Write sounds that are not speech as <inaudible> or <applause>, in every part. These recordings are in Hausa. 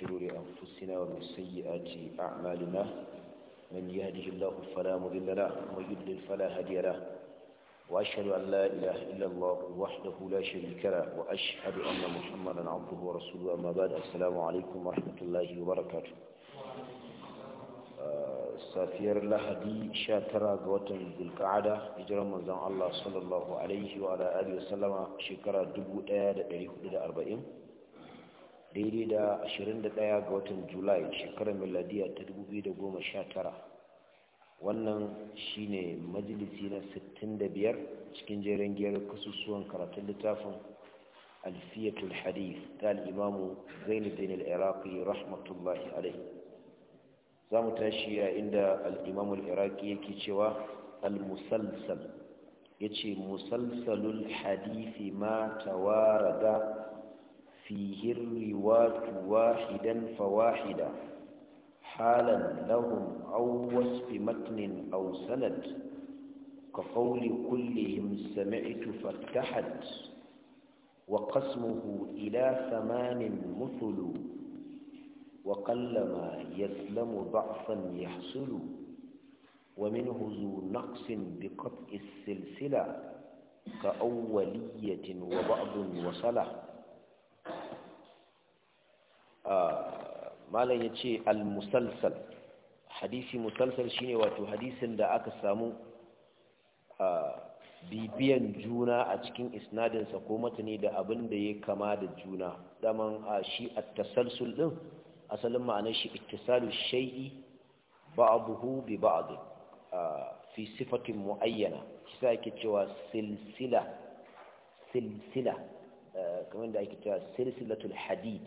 شرور أنفسنا ومن سيئات أعمالنا من يهده الله فلا مضل له ومن يضلل فلا هادي له وأشهد أن لا إله إلا الله وحده لا شريك له وأشهد أن محمدا عبده ورسوله أما بعد السلام عليكم ورحمة الله وبركاته safiyar lahadi 19 ga watan zulka'ada hijirar manzon Allah sallallahu alaihi wa alihi wasallama shekara 1440 daidai da 21 ga watan julai shekarar miladiya ta 2019 wannan shine majalisi na 65 cikin jerin giyar kasusuwan karatun littafin alfiyatul hadith ta al'imamu zainuddin al'iraki rahmatullahi alaihi za mu tashi a inda al'imamu al'iraki yake cewa al-musalsal ya ce musalsalul hadithi ma tawara فيه الرواة واحدا فواحدا حالا لهم أو وصف متن أو سند كقول كلهم سمعت فاتحت وقسمه إلى ثمان مثل وقلما يسلم ضعفا يحصل ومنه ذو نقص بقطع السلسلة كأولية وبعض وصله malam ya ce al-musalsal hadisi musalsal shine wato hadisin da aka samu bibiyan juna a cikin isnadinsa ko matane da abin da ya kama da juna daman shi at-tasalsul din asalin ma'anar shi ittisalu shay'i ba'dahu bi ba'd fi sifatin muayyana shi sa yake cewa silsila silsila kamar da ake cewa silsilatul hadid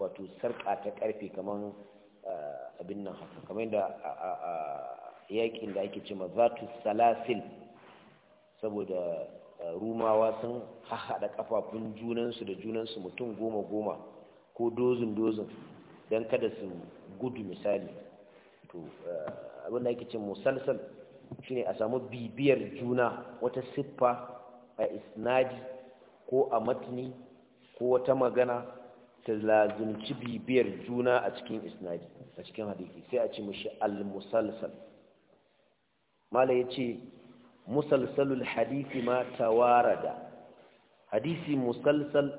wato sarƙa ta karfe kamar abin nan haka kamar yadda yaƙin da ake cewa tu salasil saboda rumawa sun haɗa ƙafafun junansu da junansu mutum goma-goma ko dozin-dozin don kada su gudu misali to abin da ake ce musalsal shine a samu bibiyar juna wata siffa a isnadi ko a matni ko wata magana ta lazumci bibiyar juna a cikin isnadi a cikin Hadithi, sai a ci mashi al-musalsal mala ya ce musalsalul hadisi ma tawarada hadisi musalsal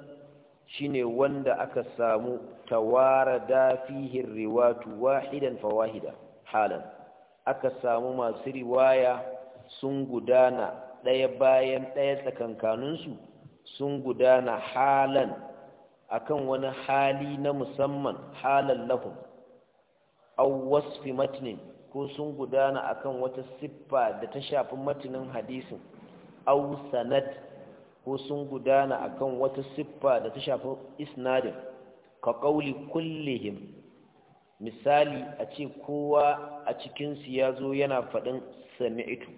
shine wanda aka samu tawarada fihin riwatu wahidan fawahida wahida halan aka samu masu riwaya sun gudana ɗaya bayan ɗaya tsakankaninsu sun gudana halan akan wani hali na musamman halan lahum aw wasfi matnin ko sun gudana akan wata siffa da ta shafi matinin hadisin aw sanad ko sun gudana akan wata siffa da ta shafi isnadin ka qauli kullihim misali a ce kowa a cikin ya zo yana faɗin sami'tu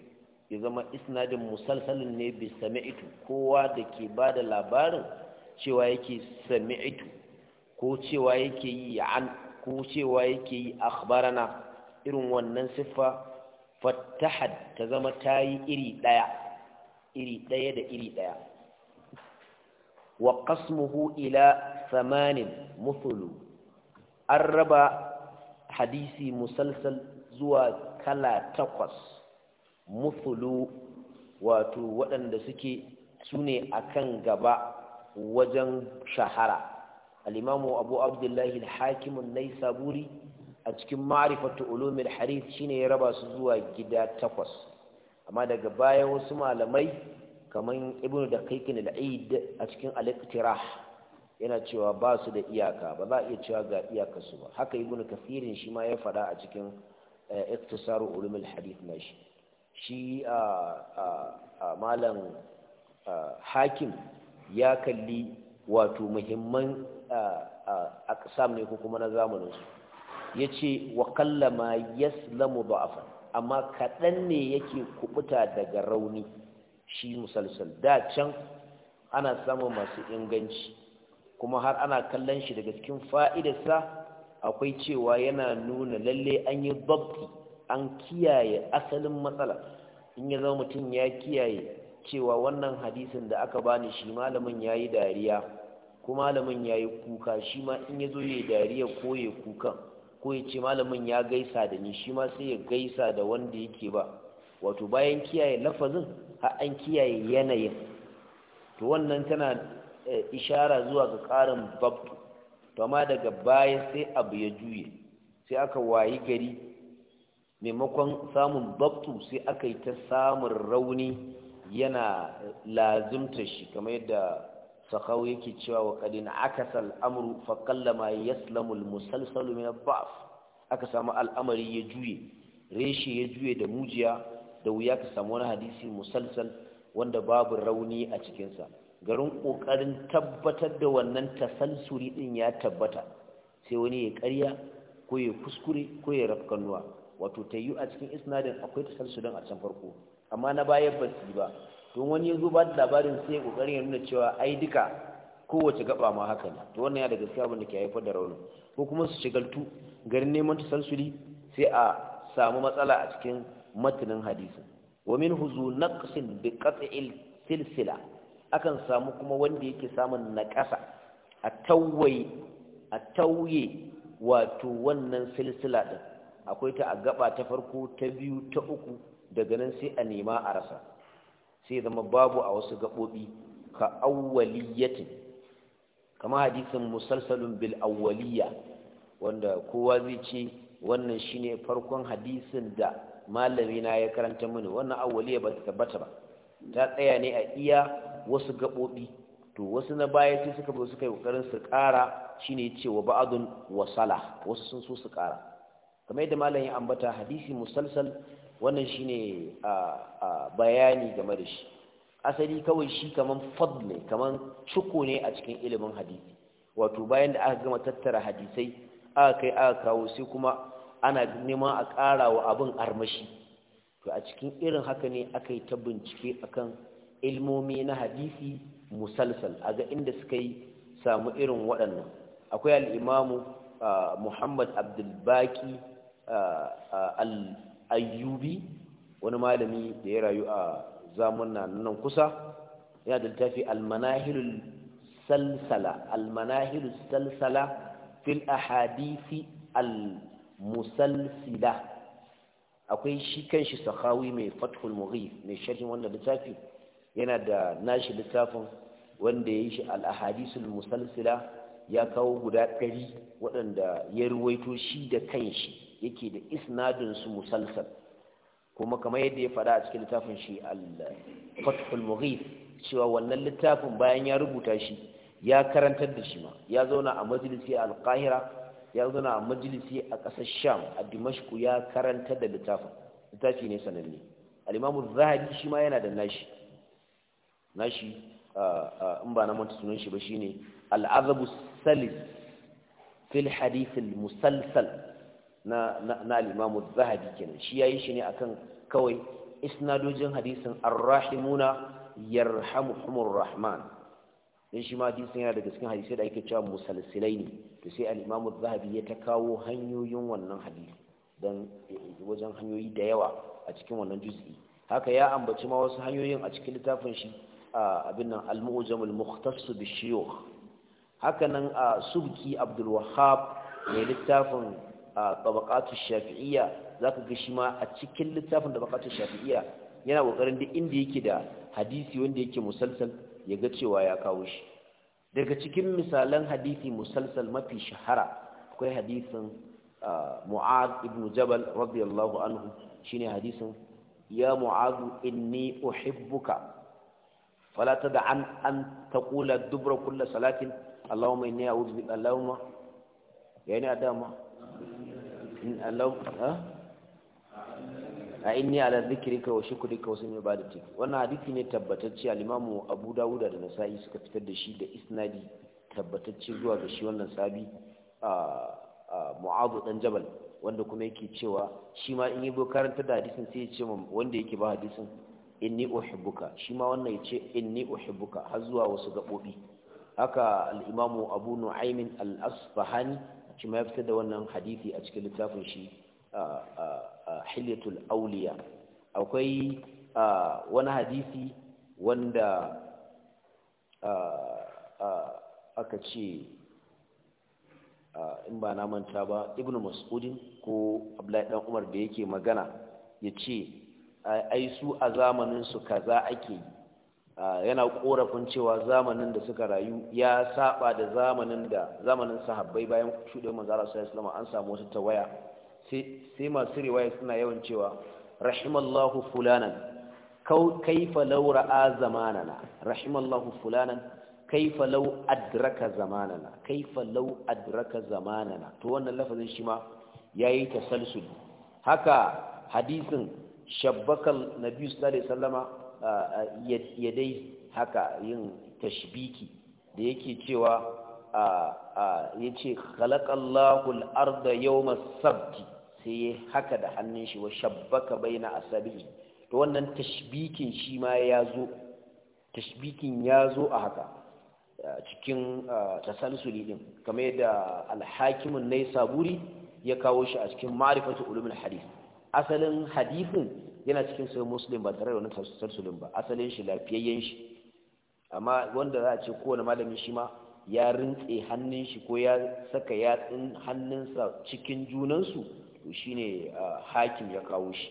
ya zama isnadin musalsalin ne bai sami'tu kowa da ke ba da labarin cewa yake sami'tu ko cewa yake yi an ko cewa yake yi akhbarana irin wannan siffa fatahad ta zama tayi iri ɗaya iri ɗaya da iri ɗaya wa qasmuhu ila samanin muthulu an raba hadisi musalsal zuwa kala takwas muthulu wato waɗanda suke su ne a kan gaba wajen shahara al'imamu abu abdullahi hakimun nai saburi a cikin ma'arifatu ulumin harith shine ya raba su zuwa gida takwas amma daga baya wasu malamai kamar ibnu da kaikin al'id a cikin al'iktirah yana cewa ba su da iyaka ba za a iya cewa ga su ba haka ibnu kafirin shi ma ya faɗa a cikin eh, iktisaru ulumin harith na shi shi ah, a ah, ah, malam hakim ya kalli wato muhimman aqsam ne ko kuma na zamanin su yace wa qallama yaslamu da'afan amma kaɗan ne yake kubuta daga rauni shi musalsal da can ana samun masu inganci kuma har ana kallon shi daga cikin fa'idarsa akwai cewa yana nuna lalle an yi babti an kiyaye asalin matsala in ya zama mutum ya kiyaye cewa wannan hadisin da aka bani shi malamin ya yi dariya ko malamin ya yi kuka shi ma in ya zo ya yi dariya ko ya kukan ko ya ce malamin ya gaisa da ni shi ma sai ya gaisa da wanda yake ba wato bayan kiyaye lafazin har an kiyaye yanayin to wannan tana eh, ishara zuwa ga ƙarin babtu to amma daga baya sai abu ya juye sai aka wayi gari maimakon samun babtu sai aka yi ta samun rauni yana lazimta shi kamar yadda sakawu yake cewa wa kadin akasa al'amuru fa kallama yaslamu musalsalu min ba'af aka samu al'amari ya juye reshe ya juye da mujiya da wuya ka samu wani hadisi musalsal wanda babu rauni a cikinsa garin ƙoƙarin tabbatar da wannan tasalsuri ɗin ya tabbata sai wani ya ƙarya ko ya kuskure ko ya rafkanuwa wato ta yi a cikin isnadin akwai tasalsurin a can farko amma na baya ba su ba don wani ya zo ba da labarin sai kokarin ya nuna cewa ai duka kowace gaba ma haka ne to wannan ya da gaskiya abin da ke haifar da raunin ko kuma su shigaltu garin neman ta sansuri sai a samu matsala a cikin matanin hadisi. wa min huzu naqsin bi qat'il silsila akan samu kuma wanda yake samun naƙasa a tauye a wato wannan silsila din akwai ta a gaba ta farko ta biyu ta uku daga nan sai a nema a rasa sai zama babu a wasu gaɓoɓi ka awwaliyatin kama hadisin musalsalun bil awwaliya wanda kowa zai ce wannan shine farkon hadisin da malami na ya karanta mini wannan awwaliya ba ta tabbata ba ta tsaya ne a iya wasu gaɓoɓi to wasu na baya sai suka bi suka yi kokarin su ƙara shine cewa ba'adun wasala wasu sun so su ƙara kamar yadda malam ya ambata hadisi musalsal wannan shine bayani game da shi asali kawai shi kaman fad ne kaman cuku ne a cikin ilimin hadisi wato bayan da aka gama tattara hadisai aka kai aka kawo sai kuma ana neman a ƙara wa abin armashi to a cikin irin haka ne aka yi ta bincike akan ilmomi na hadisi musalsal a ga inda suka yi samu irin waɗannan akwai al'imamu muhammad abdulbaki al ayyubi wani malami da ya rayu a zamanna nan kusa yana da littafi almanahirul salsala almanahirul salsala fil ahadisi al-musalsila akwai shi kanshi sahawi mai fathul mughif mai sharhin wannan littafi yana da nashi littafin wanda ya yi shi al-ahadisul musalsila ya kawo guda ɗari waɗanda ya ruwaito shi da kanshi yake da isnadin su musalsal kuma kamar yadda ya faɗa a cikin littafin shi al-fathul mughith cewa wannan littafin bayan ya rubuta shi ya karantar da shi ma ya zauna a majalisi a Al-Qahira ya zauna a majalisi a ƙasar sham a dimashku ya karantar da littafin littafi ne sananne al'imamu zahabi shi ma yana da nashi nashi in ba na manta sunan shi ba shine al'azabu salis fil hadith al-musalsal na na al zahabi kenan shi yayi shi ne akan kawai isnadojin hadisin ar-rahimuna yarhamuhumur rahman dan shi ma hadisin yana daga cikin hadisai da ake cewa musalsilai ne to sai al zahabi ya ta kawo hanyoyin wannan hadisi dan wajen hanyoyi da yawa a cikin wannan juz'i haka ya ambaci ma wasu hanyoyin a cikin littafin shi abin nan al-mu'jamul mukhtass bi shuyukh haka nan subki abdul wahhab ne littafin tabaqatu shafi'iyya zaka ga shi ma a cikin littafin tabaqatu shafi'iyya yana kokarin duk inda yake da hadisi wanda yake musalsal ya ga cewa ya kawo shi daga cikin misalan hadisi musalsal mafi shahara akwai hadisin mu'ad ibn jabal radiyallahu anhu shine hadisin ya mu'ad inni uhibbuka fala tad'an an taqula dubra kulli salatin allahumma inni a'udhu bika allahumma yani adama in allahu a inni ala zikrika wa shukrika ba da teku wannan hadisi ne tabbatacce a imam Abu dawuda da Nasa'i suka fitar da shi da isnadi tabbatacce zuwa ga shi wannan sabi Mu'adh dan Jabal wanda kuma yake cewa shi ma in yi bo karanta da hadisin sai ya ce wanda yake ba hadisin inni uhibbuka shi ma wannan ya ce inni uhibbuka har zuwa wasu gabobi haka al'imamu Abu nu'aimin al shi ma ya fitar da wannan hadisi a cikin littafin shi a hilyatul auliya akwai wani hadisi wanda aka ce in ba na manta ba ibn mas'udin ko abdullahi dan umar da yake magana ya ce ai su a zamaninsu kaza ake yi Ah, yana korafin cewa zamanin da suka rayu ya saba da zamanin da zamanin sahabbai bayan shuɗe manzara sallallahu alaihi an samu wata tawaya sai masu riwaya suna yawan cewa rahimallahu fulanan kaifa law ra'a zamanana rahimallahu fulanan kaifa law adraka zamanana kaifa law adraka zamanana to wannan lafazin shi ma yayi tasalsul haka hadisin shabbakal nabi sallallahu alaihi yadai haka yin tashbiki da yake cewa ya ce khalaqallahul arda yawmas sabti sai haka da hannun shi wa shabbaka baina asab'i to wannan tashbikin shi ma ya zo tashbikin ya zo a haka cikin tasalsuli din kamar yadda alhakimin nai saburi ya kawo shi a cikin ma'rifatu ulumul hadith asalin hadithin yana cikin sai muslim ba tare da wani tarsulin ba asalin shi lafiyayyen shi amma wanda za a ce kowane malami shi ma ya rintse hannun shi ko ya saka yatsun hannunsa cikin junansu to shine hakim ya kawo shi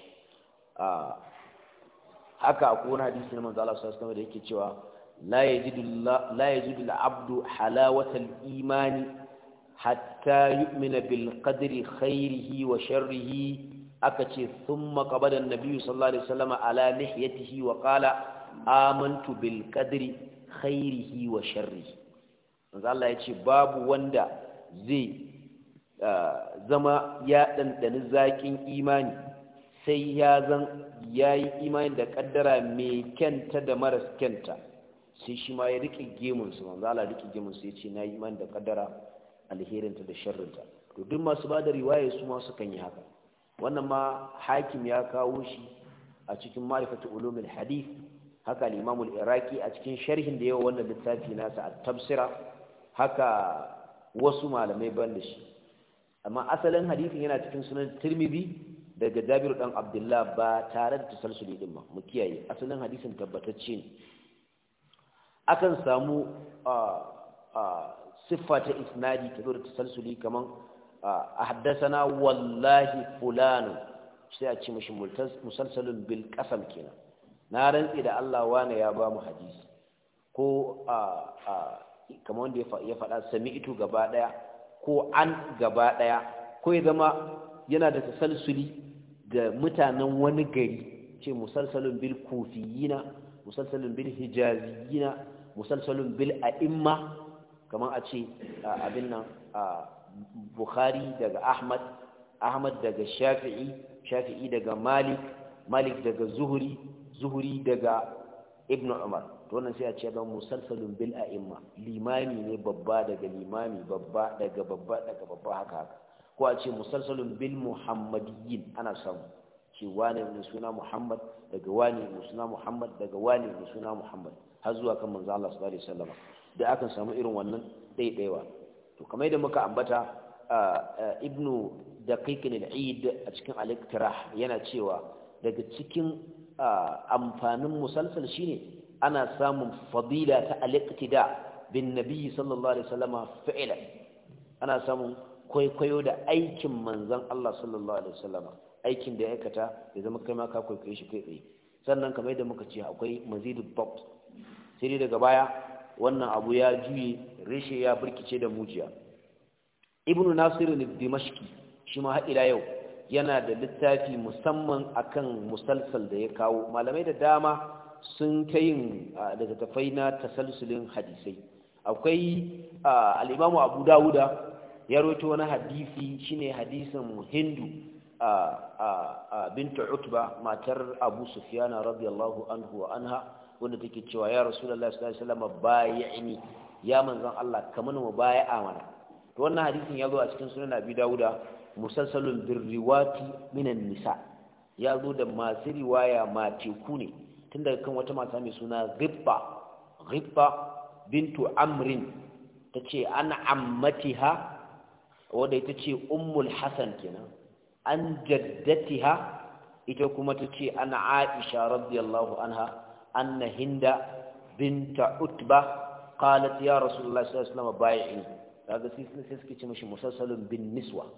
haka a kowane hadisi na manzo Allah sallallahu da yake cewa la yajidu la yajidu al-abdu halawatal imani hatta yu'mina bil qadri khairihi wa sharrihi aka ce sun makabadan nabiyu sallallahu alaihi wasallama ala lihiyatihi wa qala amantu bil qadri khairihi wa sharri manzo Allah ya ce babu wanda zai ah, zama ya dandani zakin imani sai ya zan yayi imani da kaddara mai kyanta da maras kyanta sai shi ma ya rike gemun su manzo Allah rike gemun su yace na imani da kaddara alherinta da sharrinta to duk masu ba da riwaya su ma sukan yi haka wannan ma hakim ya kawo shi a cikin ma'rifatu ulumul hadith haka al-imam iraqi a cikin sharhin da yawa wannan littafi nasa at-tafsira haka wasu malamai ban da shi amma asalin hadisin yana cikin sunan tirmidhi daga jabiru dan abdullah ba tare da tasalsuli din ma mu kiyaye asalin hadisin tabbatacce ne akan samu a ah, ah, siffa ta isnadi ta zo da tasalsuli kaman a haddasa na wallahi fulanu sai a ci mashi musalsalin bil kasam kenan na rantsi da Allah wane ya ba mu hadisi ko a wanda ya faɗa sami ito gaba ɗaya ko an gaba ɗaya ko ya zama yana da tasalsuli ga mutanen wani gari ce musalsalin bil kufiyina musalsalin bil hijaziyina musalsalin bil a'imma kamar a ce abin nan bukhari daga ahmad ahmad daga shafi'i shafi'i daga malik malik daga zuhuri zuhuri daga Ibn umar to wannan sai a ce ban musalsalun bil a'imma limami ne babba daga limami babba daga babba daga babba haka haka ko a ce musalsalun bil muhammadiyyin ana samu ce wane ne suna muhammad daga wane ne suna muhammad daga wane ne suna muhammad har zuwa kan manzo Allah sallallahu alaihi wasallam da akan samu irin wannan daidaiwa to kamar yadda muka ambata ibnu daqiqin al-eid a cikin al yana cewa daga cikin amfanin musalsal shine ana samun fadila ta al bin nabi sallallahu alaihi wasallama fa'ila ana samun kwaikwayo da aikin manzon Allah sallallahu alaihi wasallama aikin da ya aikata ya zama kai ma ka kwaikwaye shi kai tsaye sannan kamar yadda muka ce akwai mazidul bab sai daga baya wannan abu ya juye reshe ya birkice da mujiya Ibn nasir ibn dimashqi shi ma ila yau yana da littafi musamman akan musalsal da ya kawo malamai da dama sun kai yin littattafai na tasalsulin hadisai akwai al-imamu abu dawuda ya roto wani hadisi shine hadisin hindu binta utba matar abu sufyana radiyallahu anhu wa anha wanda take cewa ya rasulullahi sallallahu alaihi wasallam bai'ni ya manzon Allah kamar mu bai'a mana to wannan hadisin ya zo a cikin sunan Abi Dawuda musalsalun birriwati minan nisa ya zo da masu riwaya matiku ne tun daga kan wata mata mai suna Ghibba Ghibba bintu Amrin tace ana ammatiha wadda ita ce ummul hasan kenan an jaddatiha ita kuma tace ana Aisha radiyallahu anha anna hinda binta utba qalat ya rasulullah sallallahu alaihi wasallam bai'i kaga sisi sisi kici mushi musassalun bin niswa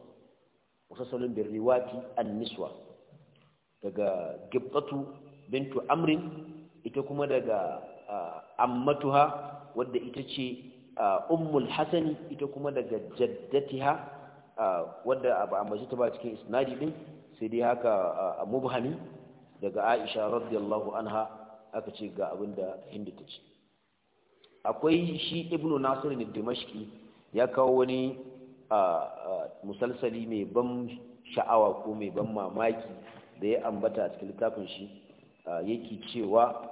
musassalun bi riwati an niswa daga gibtatu bintu amrin ita kuma daga ammatuha wadda ita ce ummul hasan ita kuma daga jaddatiha wadda ba a majita ba cikin isnadi din sai dai haka a mubhami daga aisha radiyallahu anha aka ce ga abin da hindu ta ce akwai shi ibnu Nasiru ne dimashki ya kawo wani musalsali mai ban sha'awa ko mai ban mamaki da ya ambata a cikin littafin shi yake cewa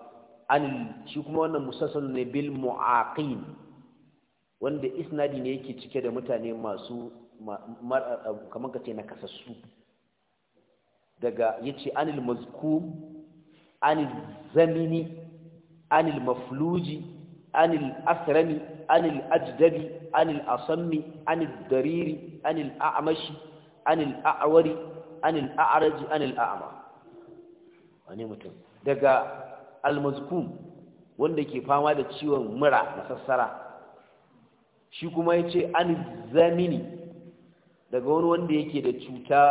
an shi kuma wannan musassan ne bil mu'aqin wanda isnadi ne yake cike da mutane masu kamar kace na kasassu daga yace anil mazkum anil zamini anil mafluji anil asrami anil ajdabi anil asammi anil dariri anil a'mashi anil a'wari anil a'raji anil a'ma wani mutum daga almazkum wanda ke fama da ciwon mura da sassara shi kuma ya ce an zamini daga wani wanda yake da cuta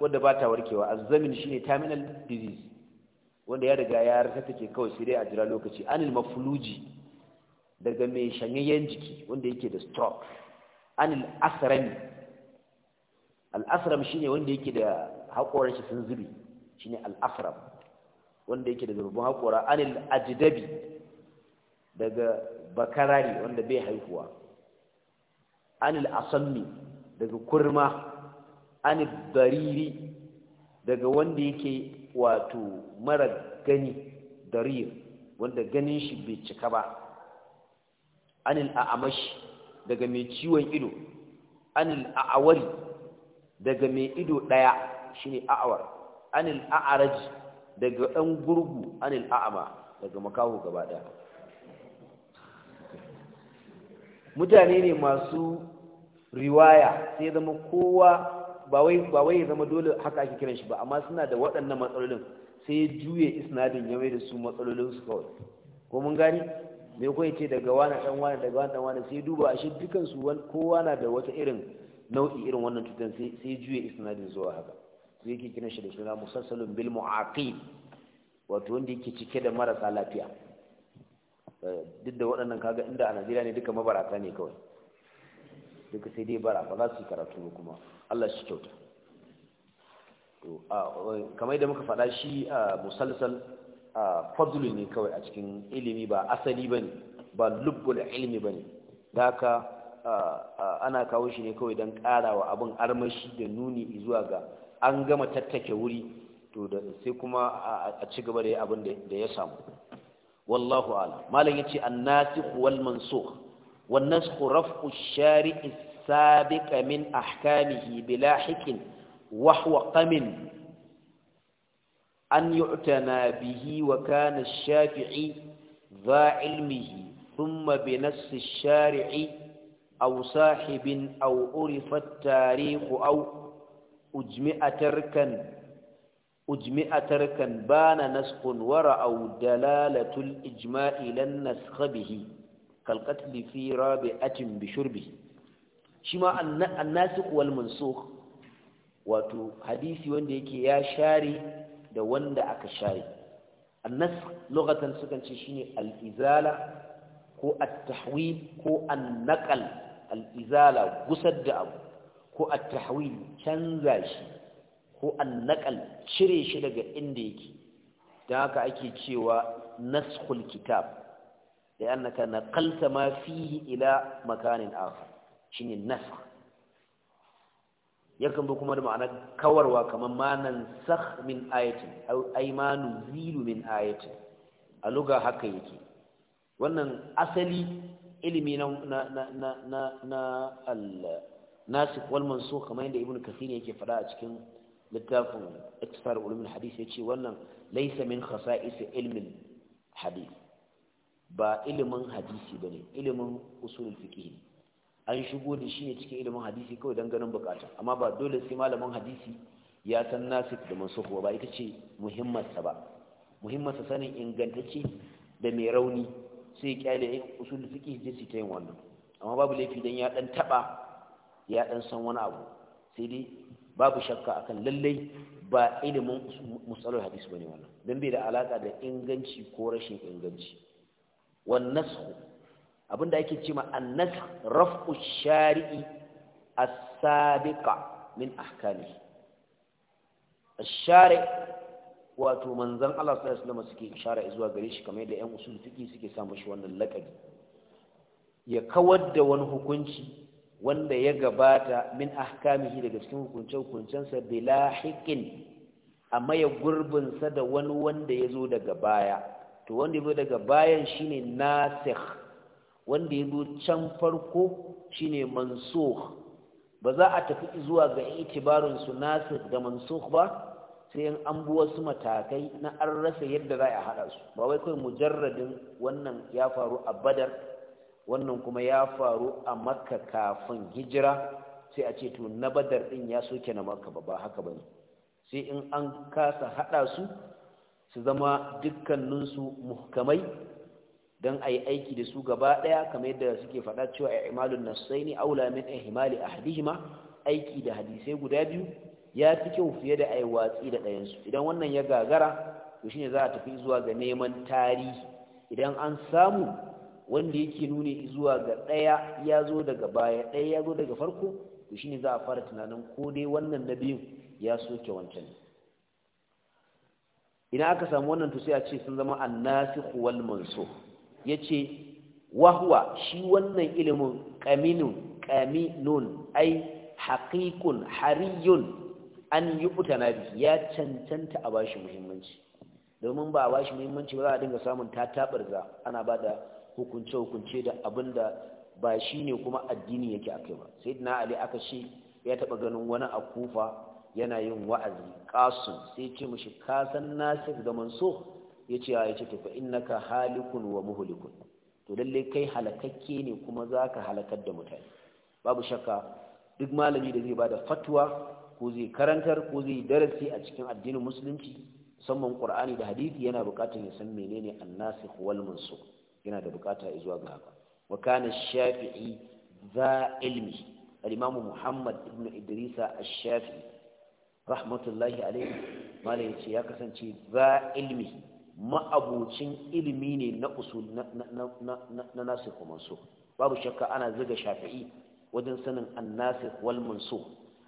wanda ba ta warkewa a zamini shi ne terminal disease wanda ya riga ya rata ke kawai sai dai a jira lokaci anil mafluji daga mai shanyayyen jiki wanda yake da stroke anil asrami al asram shine wanda yake da haƙoran shi sun zubi shine al asram wanda yake da zurbin haƙora anil ajdabi daga bakarari wanda bai haihuwa anil asammi daga kurma anil bariri daga wanda yake wato mara gani darir wanda ganin shi bai cika ba anil a'amashi daga mai ciwon ido anil a'awari daga mai ido daya shine a'awar anil a'araji daga dan gurgu anil a'ama daga makaho gaba ɗaya mutane ne masu riwaya sai zama kowa ba wai ya zama dole haka ake kiran shi ba amma suna da waɗannan matsalolin sai ya juye isnadin ya mai da su matsalolin su kawai ko mun gani me ko ce daga wani dan wani daga wani dan wani sai duba a shi dukan su kowa na da wata irin nau'i irin wannan cutar sai sai juye isnadin zuwa haka sai yake kiran shi da suna musassalun bil mu'aqib wato wanda yake cike da marasa lafiya eh, duk da waɗannan kaga inda a Najeriya ne duka mabarata ne kawai duka sai dai bara ba za su karatu kuma Allah shi kyauta to kamar da muka faɗa shi a musalsal fadulu ne kawai a cikin ilimi ba asali bane ba lubbul ilmi bane da haka ana kawo shi ne kawai don ƙarawa abin armashi da nuni zuwa ga an gama tattake wuri to da sai kuma a ci gaba da abin da ya samu wallahu ala malam ce an nasi kuwal mansukh wannan su raf'u shari'i السابق من أحكامه بلاحق وهو قم أن يعتنى به وكان الشافعي ذا علمه ثم بنص الشارع أو صاحب أو عرف التاريخ أو أجمع تركا أجمع تركا بان نسق ورأوا دلالة الإجماء لن نسخ به كالقتل في رابعة بشربه shi ma annasik wal mansukh wato hadisi wanda yake ya share da wanda aka share annas lughatan sukan ce shine al-izala ko at-tahwil ko an-naqal al-izala gusar da abu ko at-tahwil canza shi ko an-naqal cire shi daga inda yake dan haka ake cewa naskhul kitab da annaka naqalta ma fihi ila makanin akhar shine nasakh yakan zo kuma da ma'anar kawarwa kamar manan sakh min ayatin ay manu zilu min ayatin a luga haka yake wannan asali ilimi na na na na na al nasikh wal mansukh kamar yadda ibnu kathir yake fada a cikin littafin iktisar ulumul hadith yace wannan laysa min khasa'is ilmin hadith ba ilimin hadisi bane ilimin usulul fiqh an shigo da shi ne cikin ilimin hadisi kawai don ganin bukata amma ba dole sai malamin hadisi ya san nasik da mansukh ba ita ce muhimmansa ba muhimmansa sanin ingantacce da mai rauni sai kyale ya usul suke jinsi ta yin wannan amma babu laifi don ya dan taba ya dan san wani abu sai dai babu shakka akan lallai ba ilimin musalul hadisi ba ne wannan Don bai da alaka da inganci ko rashin inganci wan Abin abinda ake cewa annas raf'u shari'i as-sabiqa min ahkami ash-shari' wato manzon Allah sallallahu alaihi wasallam suke ishara zuwa gare shi kamar da ƴan usul fiqi suke samu shi wannan laqabi ya kawar da wani hukunci wanda ya gabata min ahkamihi daga cikin hukuncen hukuncensa bila hikin amma ya gurbinsa da wani wanda ya zo daga baya to wanda ya zo daga bayan shine nasikh wanda ya zo can farko shine mansukh ba za a tafi zuwa ga itibarin su nasikh da mansukh ba sai in an bi wasu matakai na an rasa yadda za a haɗa su ba wai kawai mujarradin wannan ya faru a badar wannan kuma ya faru a makka kafin hijira sai a ce to na badar ɗin ya soke na makka ba haka ba sai in an kasa haɗa su su zama dukkaninsu muhkamai don a yi aiki da su gaba ɗaya kamar yadda suke faɗa cewa a imalun nasai ne aula min ihimali a hadihima aiki da hadisai guda biyu ya fi kyau fiye da a watsi da ɗayansu idan wannan ya gagara to shine za a tafi zuwa ga neman tarihi idan an samu wanda yake nuni zuwa ga ɗaya ya zo daga baya ɗaya ya zo daga farko to shine za a fara tunanin ko dai wannan na biyun ya soke wancan ina aka samu wannan to sai a ce sun zama annasikh wal mansukh Ya yace wahwa shi wannan ilimin kaminu kaminun ai haƙiƙun hariyun an yi utana bihi ya cancanta a bashi muhimmanci domin ba a bashi muhimmanci ba za a dinga samun tatabarza ana ba da hukunce-hukunce da abin da ba shi ne kuma addini yake a kai ba sai na ali aka shi ya taɓa ganin wani a kufa yana yin wa'azi ƙasun sai ce mashi kasan nasir da manso ya ce ya ce tufa innaka halikun wa muhulikun to lalle kai halakakke ne kuma za ka halakar da mutane babu shakka duk malami da zai ba da fatwa ko zai karantar ko zai darasi a cikin addinin musulunci musamman qur'ani da hadisi yana buƙatar ya san menene annasi wal yana da buƙata ya zuwa ga haka wa kana shafi'i za ilmi al-imam muhammad ibn idrisa ash-shafi'i rahmatullahi alayhi malai ya kasance za ilmi ma'abucin ilimi ne na usul na nasir wa mansur babu shakka ana ziga shafi'i wajen sanin annasir wal mansur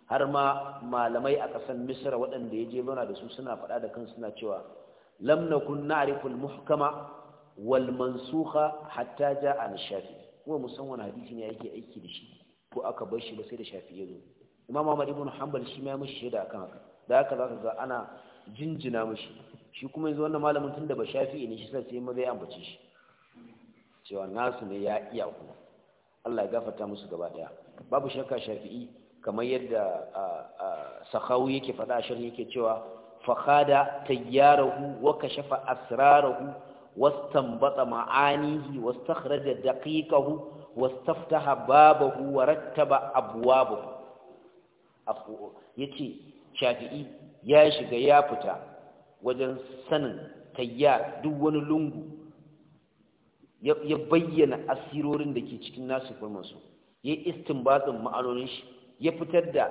har ma malamai a ƙasar misra waɗanda ya je zauna da su suna faɗa da kansu suna cewa lam nakun na'riful muhkama wal mansukha hatta ja a shafi kuma musamman hadisi ne yake aiki da shi ko aka bar shi ba sai da shafi ya zo imam ahmad ibn hanbal shi ma ya mishi shaida akan haka da haka zaka ga ana jinjina mishi shi kuma yanzu wannan malamin tun da ba shafi'i ne shi sai maza ya ambace shi cewa nasu ne ya iya ku Allah ya gafarta musu gaba daya babu shakka shafi'i kamar yadda sahawu yake faɗa a shirin yake cewa fakhada tayyarahu wa kashafa asrarahu wastanbata ma'anihi wastakhraja daqiqahu wastaftaha babahu wa rattaba abwabahu yace shafi'i ya shiga ya fita wajen sanin tayya duk wani lungu ya bayyana asirorin da ke cikin nasu firmansu ya yi istinbatsin ma'anonin shi ya fitar da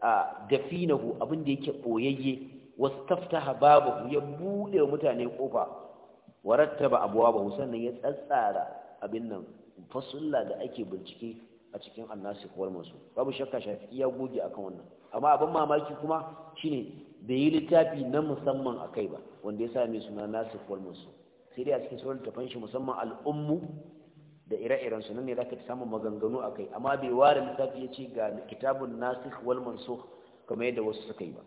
a dafinahu abin da yake ɓoyayye wasu taftaha babu ya buɗe wa mutane ƙofa wa rattaba abuwa ba sannan ya tsatsara abin nan fasulla da ake bincike a cikin annasu masu babu shakka shafi ya goge akan wannan amma abin mamaki kuma shine bai yi littafi na musamman a kai ba wanda ya sami suna nasu walmansu sai dai a cikin sauran tafan shi musamman al'ummu da ire-iren su ne za ka samu maganganu a kai amma bai ware littafi ya ce ga kitabun nasu walmansu kama yadda wasu suka yi ba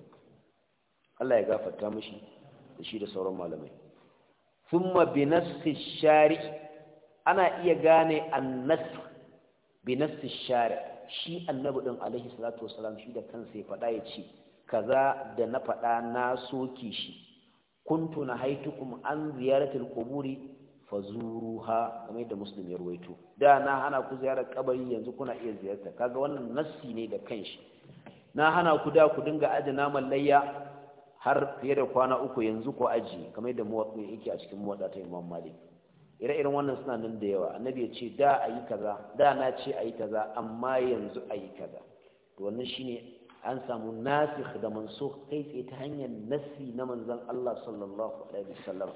Allah ya gafarta mashi da shi da sauran malamai ma bi nasu shari ana iya gane annas bi shari shi annabi din alaihi salatu wasalam shi da kansa ya faɗa ya ce kaza da na faɗa na soke shi kuntu na haitukum an ziyaratul kuburi fazuruha kamar da muslim ya ruwaito da na hana ku ziyarar kabari yanzu kuna iya ziyarta kaga wannan nassi ne da kanshi na hana ku da ku dinga aje naman layya har fiye da kwana uku yanzu ku aji kamar da muwaqqi yake a cikin muwadda ta Imam Malik ire-iren wannan suna nan da yawa annabi ya ce da ayi kaza da na ce ayi kaza amma yanzu ayi kaza to wannan shine an samu nasikh da mansukh kai tsaye ta hanyar nasi na manzon Allah sallallahu alaihi wasallam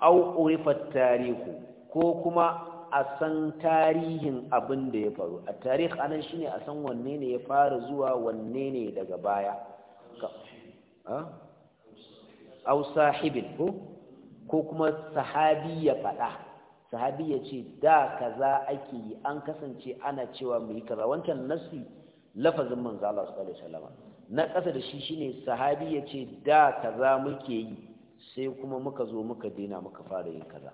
au urifa tarihu ko kuma a san tarihin abin da ya faru a tarih anan shine a san wanne ne ya fara zuwa wanne ne daga baya au sahibin ko kuma sahabi ya faɗa sahabi ya ce da kaza ake yi an kasance ana cewa mu kaza wancan nasi lafazin manzo Allah sallallahu alaihi wasallam na kasa da shi shine sahabi ya ce da kaza muke yi sai kuma muka zo muka daina muka fara yin kaza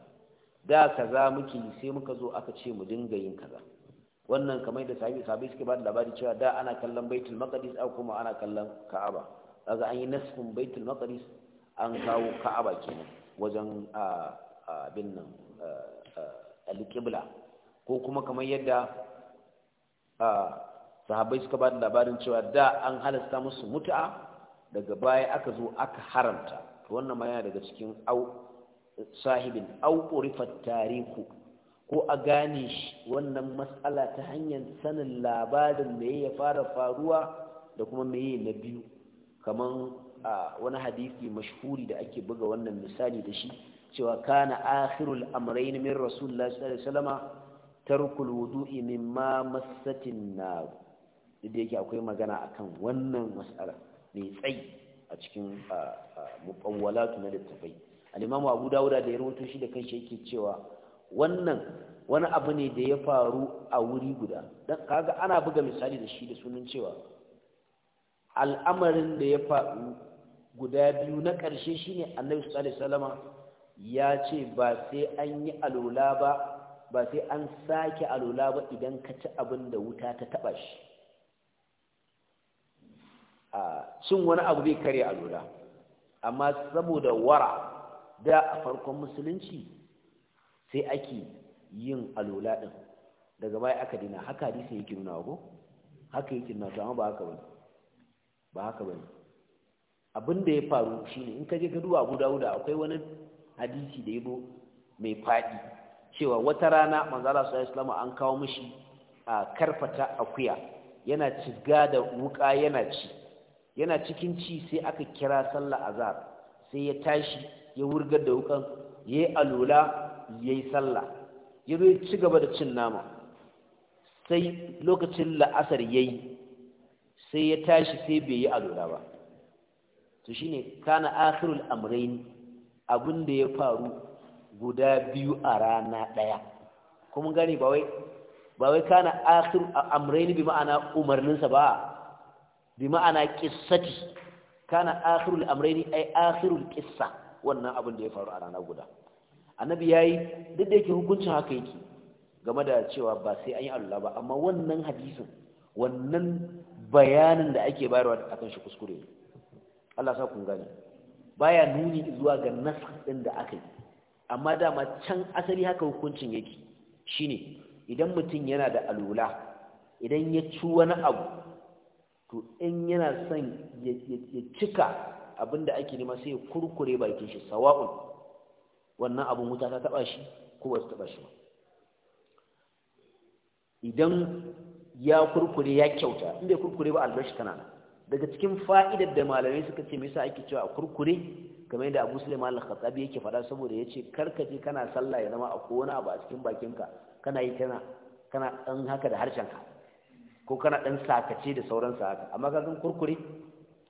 da kaza muke yi sai muka zo aka ce mu dinga yin kaza wannan kamar da sahabi sahabi suke ba da labari cewa da ana kallon baitul maqdis a kuma ana kallon ka'aba kaga an yi nasfin baitul maqdis an kawo ka'aba kenan wajen a bin nan alƙibla ko kuma kamar yadda sahabbai suka ba da labarin cewa da an halasta musu mutu'a daga baya aka zo aka haramta wannan ma yana daga cikin au sahibin au tare tariku ko a gane shi wannan matsala ta hanyar sanin labarin da ya fara faruwa da kuma meye na biyu kaman wani hadisi mashhuri da ake buga wannan misali da shi cewa kana akhirul amrayn min rasulullah sallallahu alaihi wasallam tarkul wudu'i mimma massatin nar da yake akwai magana akan wannan mas'ala mai tsayi a cikin muqawwalatu na littafai al-imamu abu dawuda da ya rawaito shi da kanshi yake cewa wannan wani abu ne da ya faru a wuri guda dan kaga ana buga misali da shi da sunan cewa al'amarin da ya faru guda biyu na ƙarshe shine annabi sallallahu alaihi wasallama ya ce ba sai an yi alola ba ba sai an sake alola ba idan ka ci abin da wuta ta taba shi cin wani abu bai kare alola amma saboda wara da a farkon musulunci sai ake yin alola ɗin. daga baya aka dina haka disa yake nuna wago haka yake nuna to ba haka wani ba haka wani abinda ya faru shi ne in ka je ka duba Abu Dawud akwai wani hadisi da yabo mai fadi cewa wata rana manzala sallallahu alaihi an kawo mishi a karfata akuya yana ciga da wuka yana ci yana cikin ci sai aka kira sallar azhar sai ya tashi ya wurgar da wukan yayi alula yayi sallah Ya ya ci gaba da cin nama sai lokacin la'asar yayi sai ya tashi sai bai yi alula ba to shine kana akhirul amrayni abin da ya faru guda biyu a rana ɗaya kuma gani ba wai ba wai kana akhir bi ma'ana umarninsa ba bi ma'ana qissati kana akhirul amrayn ay akhirul qissa wannan abin da ya faru a rana guda annabi yayi duk da yake hukuncin haka yake game da cewa ba sai an yi Allah ba amma wannan hadisin wannan bayanin da ake bayarwa akan shi kuskure Allah sa kun gane baya nuni zuwa ga nasa ɗin da aka yi amma dama can asali haka hukuncin yake shine idan mutum yana da alula idan ya ci wani abu to in yana son ya cika abin da ake nema sai ya kurkure bakin shi sawa'un wannan abin wuta ta taba shi ko ba su taba shi ba idan ya kurkure ya kyauta in bai kurkure ba albashi tana nan daga cikin fa'idar da malamai suka ce misa ake cewa a kurkure game da abu suleiman al-khattabi yake fada saboda ya ce karkace kana sallah ya zama a wani abu a cikin bakinka kana yi kana kana ɗan haka da harshenka ko kana ɗan sakace da sauransa haka amma ka zan kurkure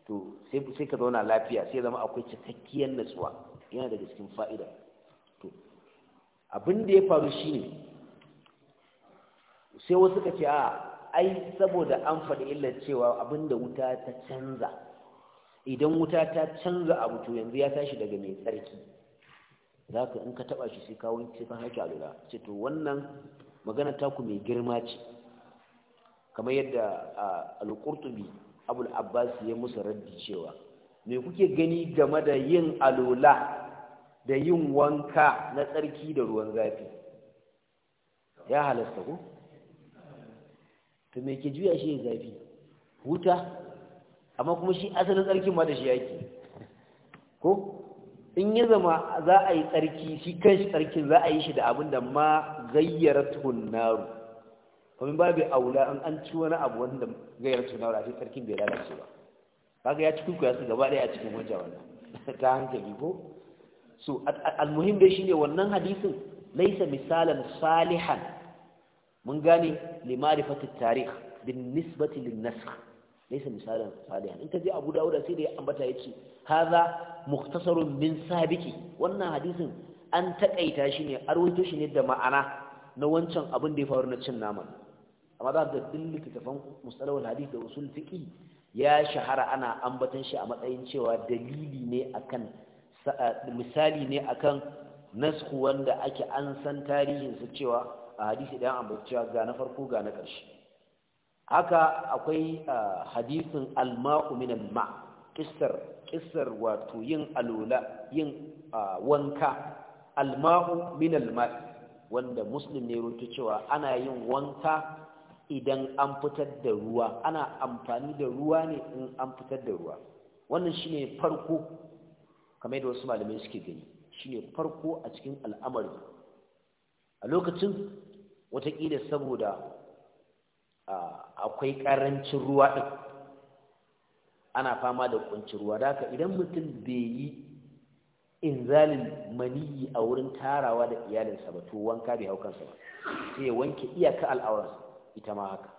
to sai ka zauna lafiya sai zama akwai cikakkiyar natsuwa yana daga cikin fa'ida to abin da ya faru shine sai wasu ka ce a ai saboda an faɗi illar cewa abinda wuta ta canza idan wuta ta canza abu to yanzu ya tashi daga mai tsarki za ka in ka taɓa shi sai kawo sai kan haka alura ce to wannan magana taku mai girma ce kamar yadda alƙurtubi abul abbas ya musu raddi cewa me kuke gani game da yin alula da yin wanka na tsarki da ruwan zafi ya halasta ku to me ke juya shi ya zafi wuta amma kuma shi asalin tsarkin ma da shi yake ko in ya zama za a yi tsarki shi kan shi tsarkin za a yi shi da abin da ma gayyara tunaru kuma babu aula an an ci wani abu wanda gayyara tunaru a shi tsarkin bai lalace ba kaga ya ci kuku ya su gaba daya a cikin wajen wannan ta hankali ko so al-muhim dai shine wannan hadisin laisa misalan salihan mun gane limarifatu tarikh bin nisbati lin nasakh laysa misalan salihan in kaje Abu Dawud sai da ya ambata haza hadha mukhtasarun min sabiki wannan hadisin an takaita shi ne arwaito ne da ma'ana na wancan abin da ya faru na cin naman amma za ka duk littattafan musalawal hadith da usul fiqi ya shahara ana ambatan shi a matsayin cewa dalili ne akan misali ne akan nasku wanda ake an san tarihinsa cewa a hadisi ɗaya ambacewa ga na farko ga na ƙarshe haka akwai hadisin alma'u min alma kissar kissar wato yin alola yin wanka alma'u alma wanda muslim ne rutu cewa ana yin wanka idan an fitar da ruwa ana amfani da ruwa ne in an fitar da ruwa wannan shine farko kamar yadda wasu malamai suke gani shine farko a cikin al'amari a lokacin wataƙila saboda akwai ƙarancin ruwa ɗin ana fama da ƙuncin ruwa da haka idan mutum bai yi inzalin maniyi a wurin tarawa da iyalinsa ba to wanka bai hau kansa ba sai ya wanke iyaka al'auransa, ita ma haka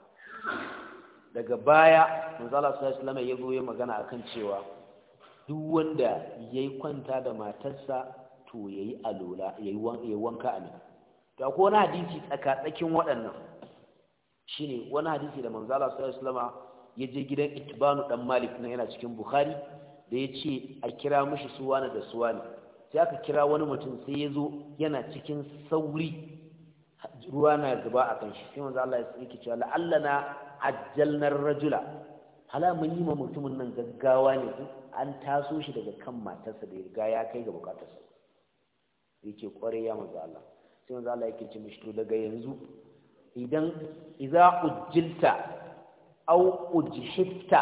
daga baya manzala sallallahu alaihi ya zo ya magana akan cewa duk wanda yayi kwanta da matarsa to yayi alola yayi wanka a to ko wani hadisi tsaka-tsakin waɗannan shi ne wani hadisi da Manzala su sallallahu ya je gidan itibanu ɗan Malik na yana cikin buhari da ya ce a kira Suwa na da suwane sai aka kira wani mutum sai ya zo yana cikin sauri ruwa na zuba a kan shi sai manzo Allah ya ce cewa na ajjalnar rajula hala mun yi ma mutumin nan gaggawa ne an taso shi daga kan matarsa da ya riga ya kai ga bukatarsa yake kware ya manzo Allah sai manzo Allah yake ci mishi daga yanzu idan idza ujilta aw ujhifta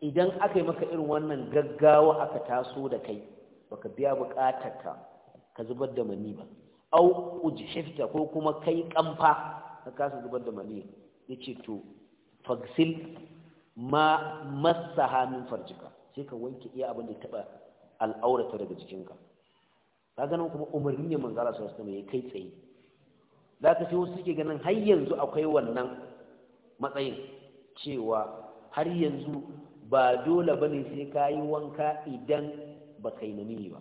idan aka yi maka irin wannan gaggawa aka taso da kai baka biya bukatarka ka zubar da mani ba aw ujhifta ko kuma kai kamfa ka kasa zubar da mani yace to fagsil ma massaha hannun farjika sai ka wanke iya abin da ya taba al'aurata daga jikinka ka ganin kuma umarni ne Manzara su wasu mai kai tsaye za ka ce wasu suke ganin har yanzu akwai wannan matsayin cewa har yanzu ba dole ba ne sai ka yi wanka idan ba kai namiji ba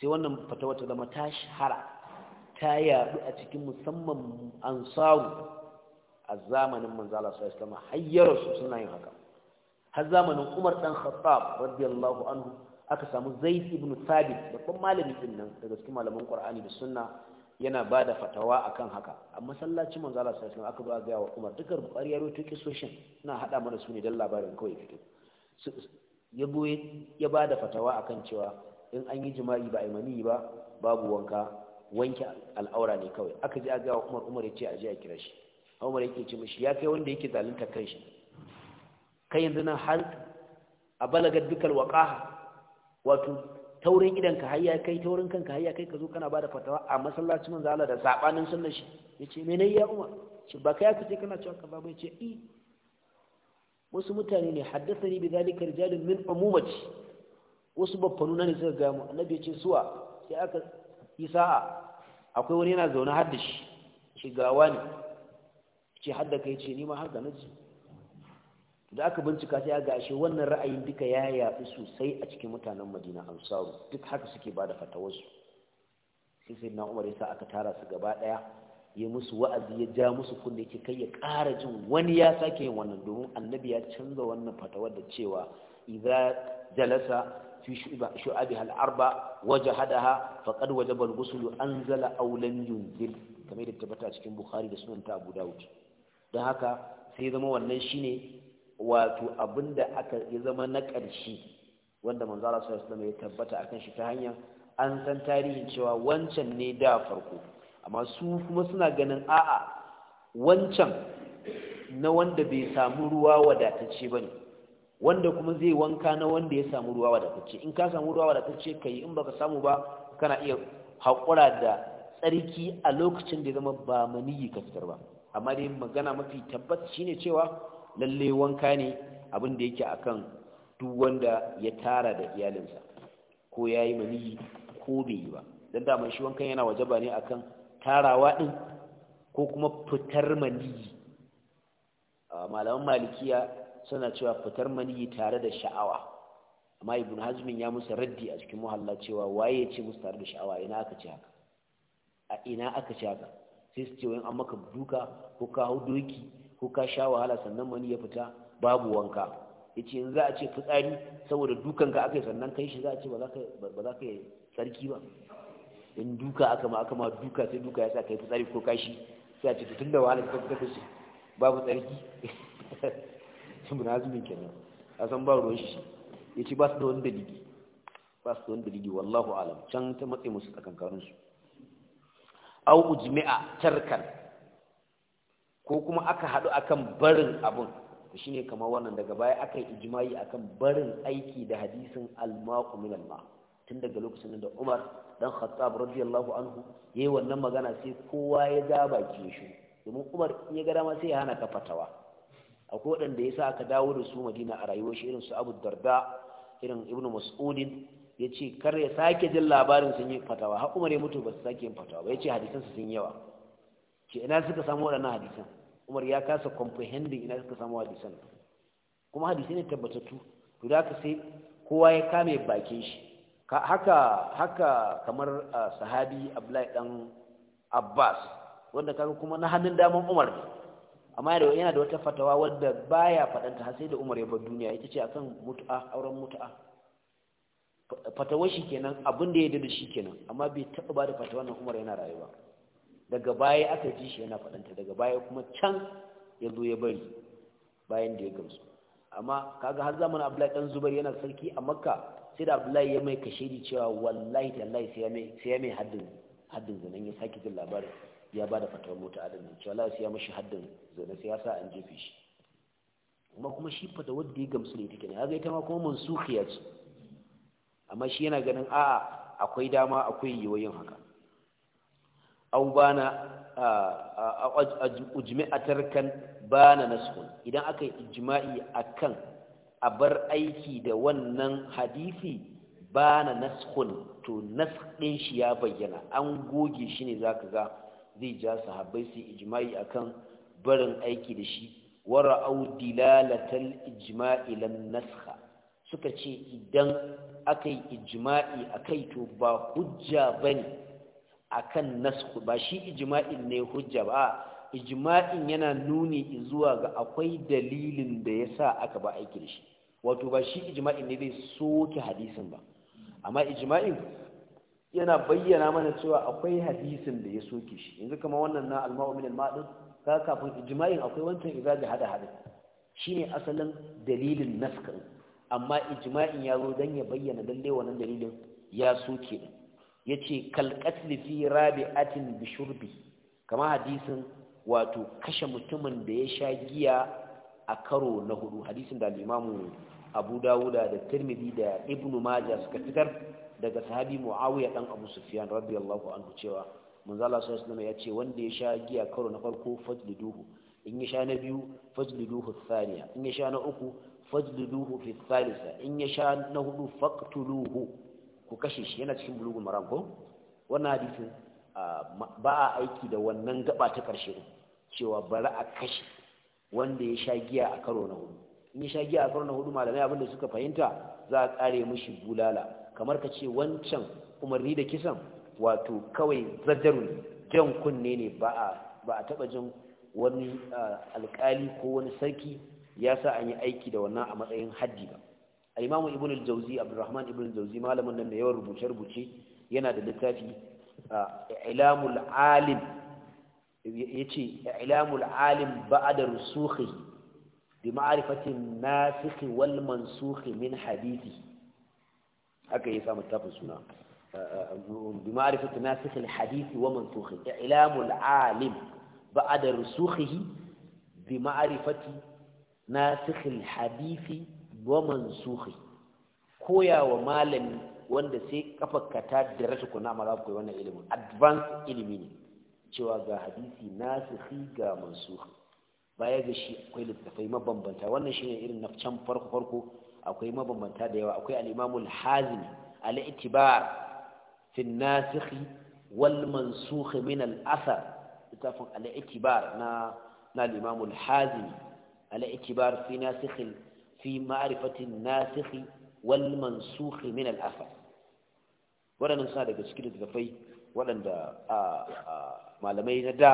sai wannan fata wata zama ta shahara ta yaɗu a cikin musamman ansaru a zamanin manzala su wasu har yarasu suna yin haka har zamanin umar ɗan khattab radiyallahu anhu aka samu zaid ibn thabit babban malami din nan daga cikin malaman qur'ani da sunna yana ba da fatawa akan haka a masallacin manzo Allah sallallahu alaihi aka zo ga wa Umar dukkan Bukhari ya rawaito kisoshin ina hada mana su ne dan labarin kawai fito ya goye ya ba fatawa akan cewa in an yi jima'i ba aimani ba babu wanka wanke al'aura ne kawai aka ji aga Umar Umar yace aje a kira shi Umar yake ce mishi ya kai wanda yake zalunta shi kai yanzu nan har a balagar dukkan waqaha wato taurin idan ka hayya kai taurin kanka hayya kai ka zo kana bada fatawa a masallacin manzo Allah da sabanin sunnar shi yace me ne ya umar shi ba kai ka ce kana cewa ka babu yace i eh wasu mutane ne haddathani bi zalika rijalun min umumati wasu baffanu ne suka ga mu annabi yace suwa sai aka yi sa'a akwai wani yana zaune haddashi shi gawa ne ce hadda kai ce ni ma har da naji da aka bincika sai ga ashe wannan ra'ayin duka ya yafi sosai a cikin mutanen Madina Ansaru duk haka suke ba da fatawarsu sai sai na Umar yasa aka tara su gaba daya ya musu wa'azi ya ja musu kunne yake kai ya ƙara jin wani ya sake yin wannan domin annabi ya canza wannan fatawar da cewa idza jalasa fi shu'abi al-arba wajahadaha faqad wajaba al-ghusl anzala aw lam yunzil kamar da tabbata cikin Bukhari da Sunan ta Abu Dawud don haka sai zama wannan shine wato abinda aka ya zama na ƙarshe wanda manzo Allah sallallahu alaihi wasallam ya tabbata akan shi ta hanya an san tarihin cewa wancan ne da farko amma su kuma suna ganin a'a wancan na wanda bai samu ruwa wadatacce bane wanda kuma zai wanka na wanda ya samu ruwa wadatacce in ka samu ruwa wadatacce kai in baka samu ba kana iya haƙura da tsarki a lokacin da ya zama ba maniyi ka fitar ba amma dai magana mafi tabbata shine cewa lalle wanka ne abin da yake akan duk wanda ya tara da iyalinsa ko ya yi maniyi ko bai yi ba don mai shi wankan yana ba ne akan tarawa ɗin ko kuma fitar maniyi malaman malikiya suna cewa fitar maniyi tare da sha'awa amma ibn hazmin ya musu raddi a cikin muhalla cewa waye ya ce musu tare da sha'awa ina aka ce haka a ina aka ce haka sai su ce wani an maka duka ko ka hau doki ko ka sha wahala sannan mani ya fita babu wanka yace ce za a ce fitsari saboda dukan ka akai sannan kai shi za a ce ba za ka ba za ka ba in duka aka ma aka ma duka sai duka ya sa kai fitsari ko kashi sai a ce tun da wahala ka fita shi babu tsarki sun <laughs> bin azumin kenan a san ba ruwan shi ya ce ba su da wani dalili ba su da wani dalili wallahu alam can ta matse musu tsakankaninsu au ujmi'a tarkan ko kuma aka haɗu akan barin abun shi ne kamar wannan daga baya aka yi ijimai akan barin aiki da hadisin almaku min alma tun daga lokacin da umar dan khattab radiyallahu anhu yayi wannan magana sai kowa ya ga baki shi domin umar in ya ga dama sai ya hana ka fatawa akwai waɗanda ya sa aka dawo da su madina a rayuwar shi irin su abu darda irin ibnu mas'udin ya ce kar ya sake jin labarin sun yi fatawa har umar ya mutu ba su sake yin fatawa ba ya ce hadisansu sun yawa ce ina suka samu waɗannan hadisan umar ya kasa comprehending ina suka samu hadisan kuma hadisi ne tabbatattu to da ka sai kowa ya kame bakin shi haka kamar sahabi abdullahi dan abbas wanda kaga kuma na hannun daman umar ne amma yana da wata fatawa wadda baya fadanta har sai da umar ya bar duniya ita ce akan mut'a auren mut'a fatawa shi kenan abin da ya da shi kenan amma bai taba ba da fatawa nan umar yana rayuwa daga baya aka ji shi yana faɗanta daga baya kuma can ya zo ya bari bayan da ya gamsu amma kaga har zaman abdullahi dan zubar yana sarki a makka sai da abdullahi ya mai kashedi cewa wallahi tallahi sai ya mai sai ya mai haddin haddin zanen ya saki jin labarin ya bada fatawar mota a nan cewa la sai ya mashi haddin zanen sai ya sa an jefe shi amma kuma shi fata wanda ya gamsu ne take ne kaga ita ma kuma mansukhiya ce amma shi yana ganin a'a akwai dama akwai yiwuwar haka au bana a kan bana naskun idan aka yi ijma'i akan a bar aiki da wannan hadisi bana naskun to naskin shi ya bayyana an goge shi ne zaka ga zai ja sahabbai su ijma'i akan barin aiki da shi wara'au dilalatal ijma'i lan naskha suka ce idan aka yi a kai to ba hujja bane akan nasku ba shi ijma'in ne hujja ba ijma'in yana nuni zuwa ga akwai dalilin da ya sa aka ba aiki da shi wato ba shi ijma'in ne zai soke hadisin ba amma ijma'in yana bayyana mana cewa akwai hadisin da ya soke shi yanzu kamar wannan na alma'u min al-ma'din ka kafin ijma'in akwai wancan idza hada hada hada shine asalin dalilin naska amma ijma'in ya zo dan ya bayyana lalle wannan dalilin ya soke yace ce qatl fi rabi'atin bi kama hadisin wato kashe mutumin da ya sha giya a karo na hudu hadisin da limamu Abu Dawuda da Tirmidhi da Ibn Majah suka fitar daga sahabi Muawiya dan Abu Sufyan radiyallahu anhu cewa manzala sallallahu ya ce wanda ya sha giya karo na farko fajliduhu in ya sha na biyu fajliduhu thaniya in ya sha na uku fajliduhu fi thalitha in ya sha na hudu faqtuluhu ku kashe shi yana cikin bulugun maram ko wannan hadisin ba a aiki da wannan gaba ta karshe cewa bari a kashe wanda ya sha giya a karo na hudu in ya sha giya a karo na hudu malamai abin da suka fahimta za a kare mishi bulala kamar ka ce wancan umarni da kisan wato kawai zaddaru jan kunne ne ba a taba jin wani alkali ko wani sarki ya sa an yi aiki da wannan a matsayin haddi ba al-imamu ibn al-jawzi abdurrahman ibn al-jawzi malamin nan mai yawan rubuce rubuce yana da littafi ilamul alim yace ilamul alim ba'da rusukhi bi ma'rifati an-nasikh wal mansukh min hadithi haka yasa mutafin suna bi ma'rifati nasikh al-hadith wa mansukh ilamul alim ba'da rusukhi bi ma'rifati nasikh al wa mansukhi koya wa malami wanda sai kafarka ta dira tukuna amma za ku wannan ilimin advanced ilimi ne cewa ga hadisi nasikhi ga mansukhi baya ga shi akwai littafai mabambanta wannan shine irin na can farko farko akwai mabambanta da yawa akwai alimamul imamu al-hazim al fi nasikhi wal mansukh min al littafin al na alimamul al-imamu al fi nasikhi fi ma'arifatin nasikhi wal mansukhi min al athar waɗannan suna daga cikin littattafai waɗanda malamai na da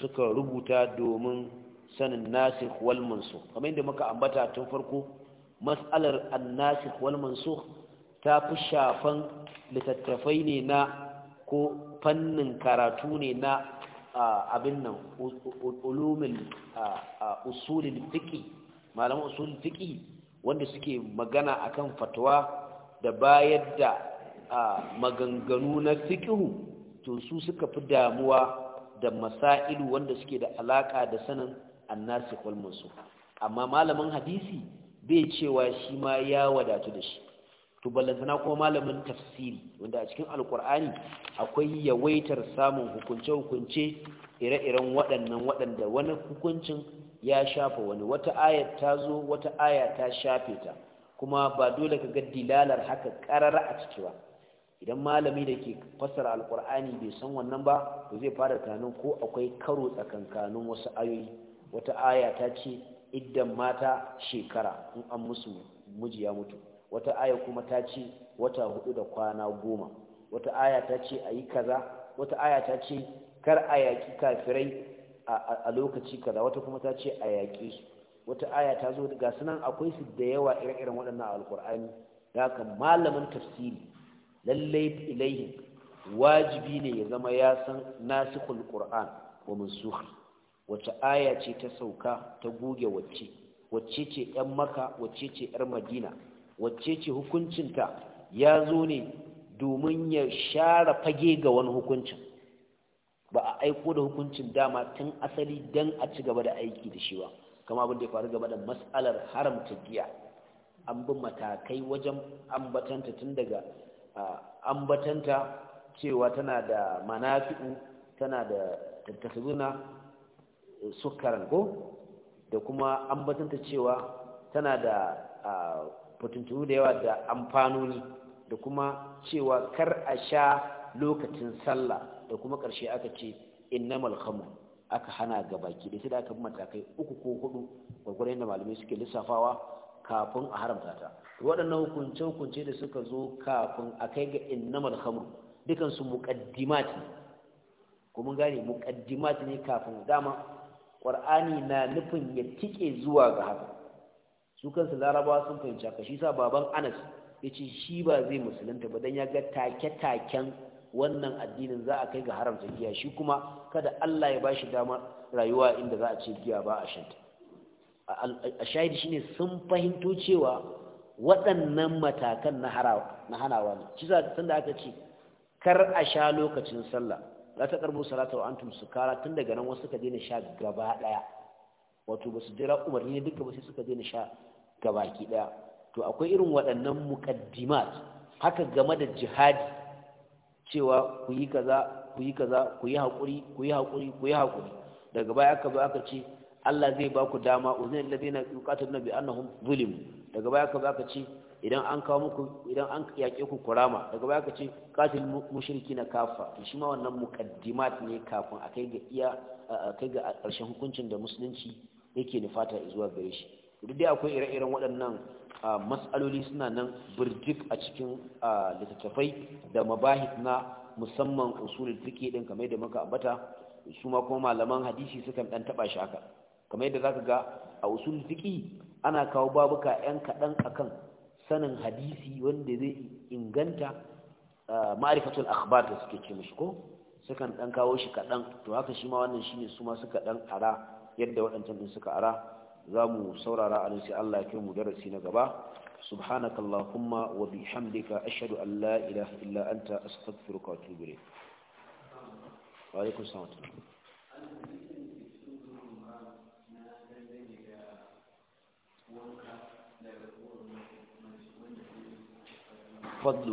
suka rubuta domin sanin nasikh wal mansukh kamar yadda muka ambata tun farko mas'alar an-nasikh wal mansukh ta fi shafan littattafai ne na ko fannin karatu ne na abin nan a usulin fiqh malaman usul fiqi wanda suke magana akan fatwa da bayar da maganganu na fiqhu to su suka fi damuwa da masailu wanda suke da alaka da sanin annasikh wal mansukh amma malamin hadisi bai cewa shi ma ya wadatu da shi to ballantana kuma malamin tafsiri wanda a cikin alkur'ani akwai yawaitar samun hukunce-hukunce ire-iren waɗannan waɗanda wani hukuncin ya shafa wani wata ayat ta zo wata aya ta shafe ta kuma ba dole ka ga dilalar haka karara a ciki ba idan malami da ke fassara alkur'ani bai san wannan ba to zai fara tunanin ko akwai karo tsakankanin wasu ayoyi wata aya ta ce iddan mata shekara in an musu miji ya mutu wata aya kuma ta ce wata hudu da kwana goma wata aya ta ce a yi kaza wata aya ta ce kar a yaƙi kafirai a lokaci kaza wata kuma ta ce a yaƙe su wata aya ta zo ga sunan akwai su da yawa ire-iren waɗannan alkur'ani da haka malamin tafsiri lallai ilaihi wajibi ne ya zama ya san nasikul qur'an wa mansukh wata aya ce ta sauka ta goge wacce wacce ce ɗan maka wacce ce ɗan madina wacce ce hukuncinta ya zo ne domin ya share fage ga wani hukuncin ba a aiko da hukuncin dama tun asali don a ci gaba da aiki da shi ba kama abin da ya faru gaba da matsalar haramta giya an bi matakai wajen ambatanta tun daga ambatanta cewa tana da manafi'u tana da tattafizuna eh, sukaran ko da kuma ambatanta cewa tana da fitintunu da yawa da amfanoni da kuma cewa kar a sha lokacin sallah da kuma ƙarshe aka ce innamal khamr aka hana ga baki da sai da aka bi matakai uku ko hudu gwargwaron da malamai suke lissafawa kafin a haramta ta waɗannan hukunce hukunce da suka zo kafin a kai ga innamal khamr dukan su muqaddimat kuma gane muqaddimati ne kafin dama qur'ani na nufin ya tike zuwa ga haka su kansu larabawa sun fahimci haka shi sa baban Anas yace shi ba zai musulunta ba dan ya ga take-taken wannan addinin za a kai ga haramta giya shi kuma kada Allah ya ba shi damar rayuwa inda za a ce giya ba a shanta a shahidi ne sun fahimto cewa waɗannan matakan na hanawa ne shi san da aka ce kar a sha lokacin sallah za ta ƙarbo salata wa antum kara tun daga nan wasu suka daina sha gaba ɗaya wato ba su jira umarni ne duka ba sai suka daina sha gabaki ɗaya to akwai irin waɗannan muƙaddimat haka game da jihadi cewa ku yi kaza ku yi kaza ku yi haƙuri ku yi haƙuri ku yi haƙuri daga baya aka zo aka ce Allah zai ba ku dama uzain ladina yuqatiluna bi annahum zulimu daga baya aka zo aka ce idan an kawo muku idan an yaƙe ku kurama daga baya aka ce qatil na kafa to shi ma wannan muqaddimat ne kafin a kai ga iya kai ga ƙarshen hukuncin da musulunci yake nufata zuwa gare shi duk dai akwai ire-iren waɗannan matsaloli suna nan birjik a cikin littattafai da mabahit na musamman usulul fiqh din kamar da muka ambata su ma kuma malaman hadisi sukan dan taba shi haka kamar yadda zaka ga a usulul fiqh ana kawo babuka yan kadan akan sanin hadisi wanda zai inganta ma'rifatul akhbar da suke ce mishi ko sukan dan kawo shi kaɗan to haka shi ma wannan shine su ma suka dan ara yadda waɗancan din suka ara za mu saurara a sai Allah ya kai mu darasi na gaba subhanakallahumma wa bihamdika ashhadu an la ilaha illa anta astaghfiruka wa atubu ilayk wa alaikum assalam فضل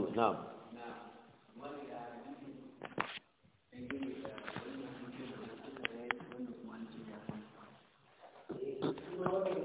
Thank you.